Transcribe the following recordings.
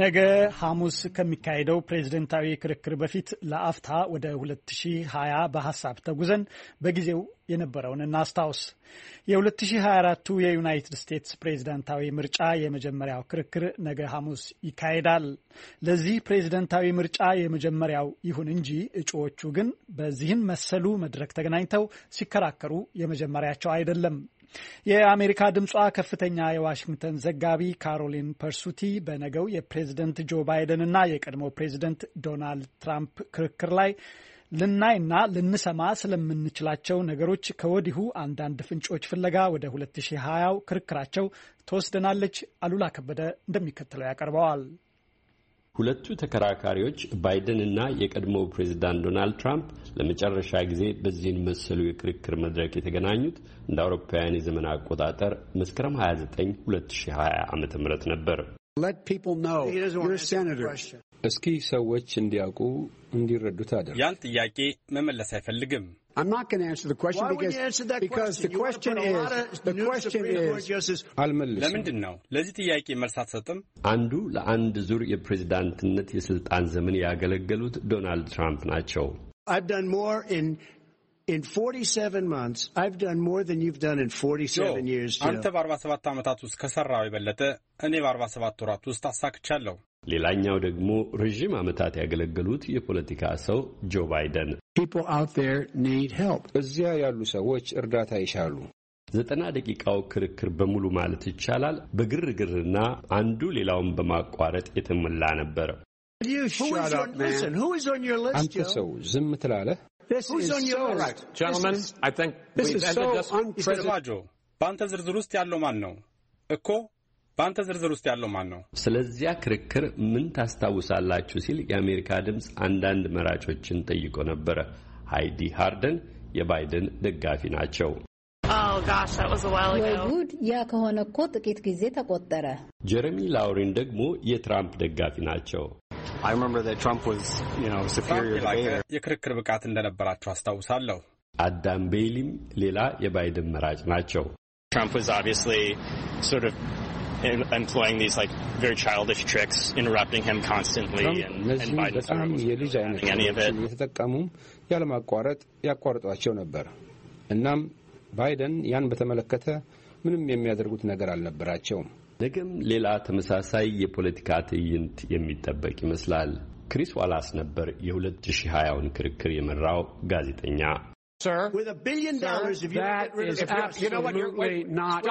ነገ ሐሙስ ከሚካሄደው ፕሬዝደንታዊ ክርክር በፊት ለአፍታ ወደ 2020 በሀሳብ ተጉዘን በጊዜው የነበረውን እናስታውስ። የ2024ቱ የዩናይትድ ስቴትስ ፕሬዝደንታዊ ምርጫ የመጀመሪያው ክርክር ነገ ሐሙስ ይካሄዳል። ለዚህ ፕሬዝደንታዊ ምርጫ የመጀመሪያው ይሁን እንጂ እጩዎቹ ግን በዚህን መሰሉ መድረክ ተገናኝተው ሲከራከሩ የመጀመሪያቸው አይደለም። የአሜሪካ ድምጿ ከፍተኛ የዋሽንግተን ዘጋቢ ካሮሊን ፐርሱቲ በነገው የፕሬዝደንት ጆ ባይደንና የቀድሞ ፕሬዝደንት ዶናልድ ትራምፕ ክርክር ላይ ልናይና ልንሰማ ስለምንችላቸው ነገሮች ከወዲሁ አንዳንድ ፍንጮች ፍለጋ ወደ 2020ው ክርክራቸው ትወስደናለች። አሉላ ከበደ እንደሚከተለው ያቀርበዋል። ሁለቱ ተከራካሪዎች ባይደን እና የቀድሞ ፕሬዚዳንት ዶናልድ ትራምፕ ለመጨረሻ ጊዜ በዚህን መሰሉ የክርክር መድረክ የተገናኙት እንደ አውሮፓውያን የዘመን አቆጣጠር መስከረም 29 2020 ዓ ም ነበር። እስኪ ሰዎች እንዲያውቁ እንዲረዱት አደር ያን ጥያቄ መመለስ አይፈልግም። I'm not going to answer the question because, answer that because the question is the question is አልመልስም። ለምንድን ነው ለዚህ ጥያቄ መልስ አትሰጥም? አንዱ ለአንድ ዙር የፕሬዝዳንትነት የስልጣን ዘመን ያገለገሉት ዶናልድ ትራምፕ ናቸው። I've done more in in 47 months. I've done more than you've done in 47 years. አንተ በ47 ዓመታት ውስጥ ከሰራው የበለጠ እኔ በ47 ወራት ውስጥ አሳክቻለሁ። ሌላኛው ደግሞ ረዥም ዓመታት ያገለገሉት የፖለቲካ ሰው ጆ ባይደን እዚያ ያሉ ሰዎች እርዳታ ይሻሉ። ዘጠና ደቂቃው ክርክር በሙሉ ማለት ይቻላል በግርግርና አንዱ ሌላውን በማቋረጥ የተሞላ ነበር። አንተ ሰው ዝም ትላለህ? በአንተ ዝርዝር ውስጥ ያለው ማን ነው እኮ በአንተ ዝርዝር ውስጥ ያለው ማን ነው? ስለዚያ ክርክር ምን ታስታውሳላችሁ? ሲል የአሜሪካ ድምፅ አንዳንድ መራጮችን ጠይቆ ነበረ። ሃይዲ ሃርደን የባይደን ደጋፊ ናቸው። oh, ጉድ! ያ ከሆነ እኮ ጥቂት ጊዜ ተቆጠረ። ጀረሚ ላውሪን ደግሞ የትራምፕ ደጋፊ ናቸው። የክርክር ብቃት እንደነበራቸው አስታውሳለሁ። አዳም ቤይሊም ሌላ የባይደን መራጭ ናቸው። employing these like very childish tricks, interrupting him constantly. እነዚህም በጣም የልጅ አይነት የተጠቀሙም ያለማቋረጥ ያቋርጧቸው ነበር። እናም ባይደን ያን በተመለከተ ምንም የሚያደርጉት ነገር አልነበራቸውም። ነገም ሌላ ተመሳሳይ የፖለቲካ ትዕይንት የሚጠበቅ ይመስላል። ክሪስ ዋላስ ነበር የ2020ን ክርክር የመራው ጋዜጠኛ። Sir, with a billion dollars, if you don't get rid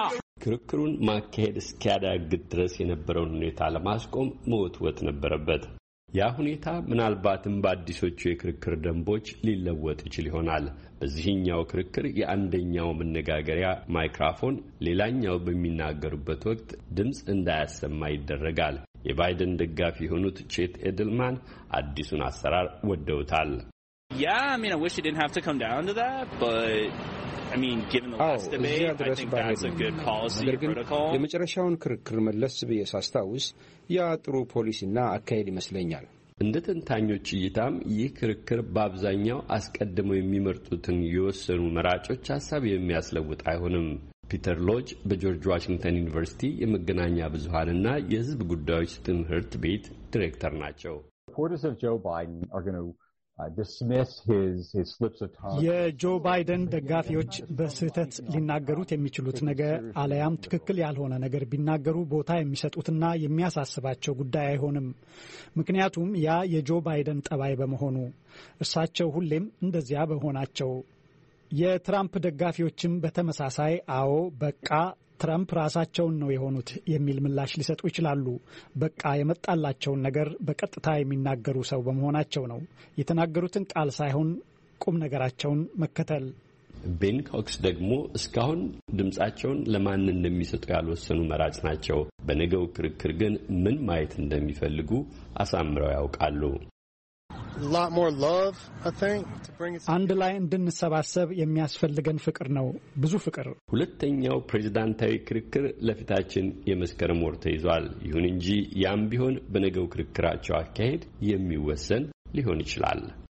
of ክርክሩን ማካሄድ እስኪያዳግድ ድረስ የነበረውን ሁኔታ ለማስቆም መወትወት ነበረበት። ያ ሁኔታ ምናልባትም በአዲሶቹ የክርክር ደንቦች ሊለወጥ ይችል ይሆናል። በዚህኛው ክርክር የአንደኛው መነጋገሪያ ማይክራፎን ሌላኛው በሚናገሩበት ወቅት ድምፅ እንዳያሰማ ይደረጋል። የባይደን ደጋፊ የሆኑት ቼት ኤድልማን አዲሱን አሰራር ወደውታል። Yeah, I mean, I wish it didn't have to come down to that, but I mean, given the oh, last debate, I think that's a good policy protocol. የመጨረሻውን ክርክር መለስ ብዬ ሳስታውስ ያ ጥሩ ፖሊሲና አካሄድ ይመስለኛል። እንደ ተንታኞች እይታም ይህ ክርክር በአብዛኛው አስቀድመው የሚመርጡትን የወሰኑ መራጮች ሀሳብ የሚያስለውጥ አይሆንም። ፒተር ሎጅ በጆርጅ ዋሽንግተን ዩኒቨርሲቲ የመገናኛ ብዙኃንና የሕዝብ ጉዳዮች ትምህርት ቤት ዲሬክተር ናቸው። Uh, የጆ ባይደን ደጋፊዎች በስህተት ሊናገሩት የሚችሉት ነገር አለያም ትክክል ያልሆነ ነገር ቢናገሩ ቦታ የሚሰጡትና የሚያሳስባቸው ጉዳይ አይሆንም። ምክንያቱም ያ የጆ ባይደን ጠባይ በመሆኑ እርሳቸው ሁሌም እንደዚያ በሆናቸው የትራምፕ ደጋፊዎችም በተመሳሳይ አዎ፣ በቃ ትራምፕ ራሳቸውን ነው የሆኑት የሚል ምላሽ ሊሰጡ ይችላሉ። በቃ የመጣላቸውን ነገር በቀጥታ የሚናገሩ ሰው በመሆናቸው ነው የተናገሩትን ቃል ሳይሆን ቁም ነገራቸውን መከተል። ቤን ኮክስ ደግሞ እስካሁን ድምፃቸውን ለማን እንደሚሰጡ ያልወሰኑ መራጭ ናቸው። በነገው ክርክር ግን ምን ማየት እንደሚፈልጉ አሳምረው ያውቃሉ። አንድ ላይ እንድንሰባሰብ የሚያስፈልገን ፍቅር ነው፣ ብዙ ፍቅር። ሁለተኛው ፕሬዝዳንታዊ ክርክር ለፊታችን የመስከረም ወር ተይዟል። ይሁን እንጂ ያም ቢሆን በነገው ክርክራቸው አካሄድ የሚወሰን ሊሆን ይችላል።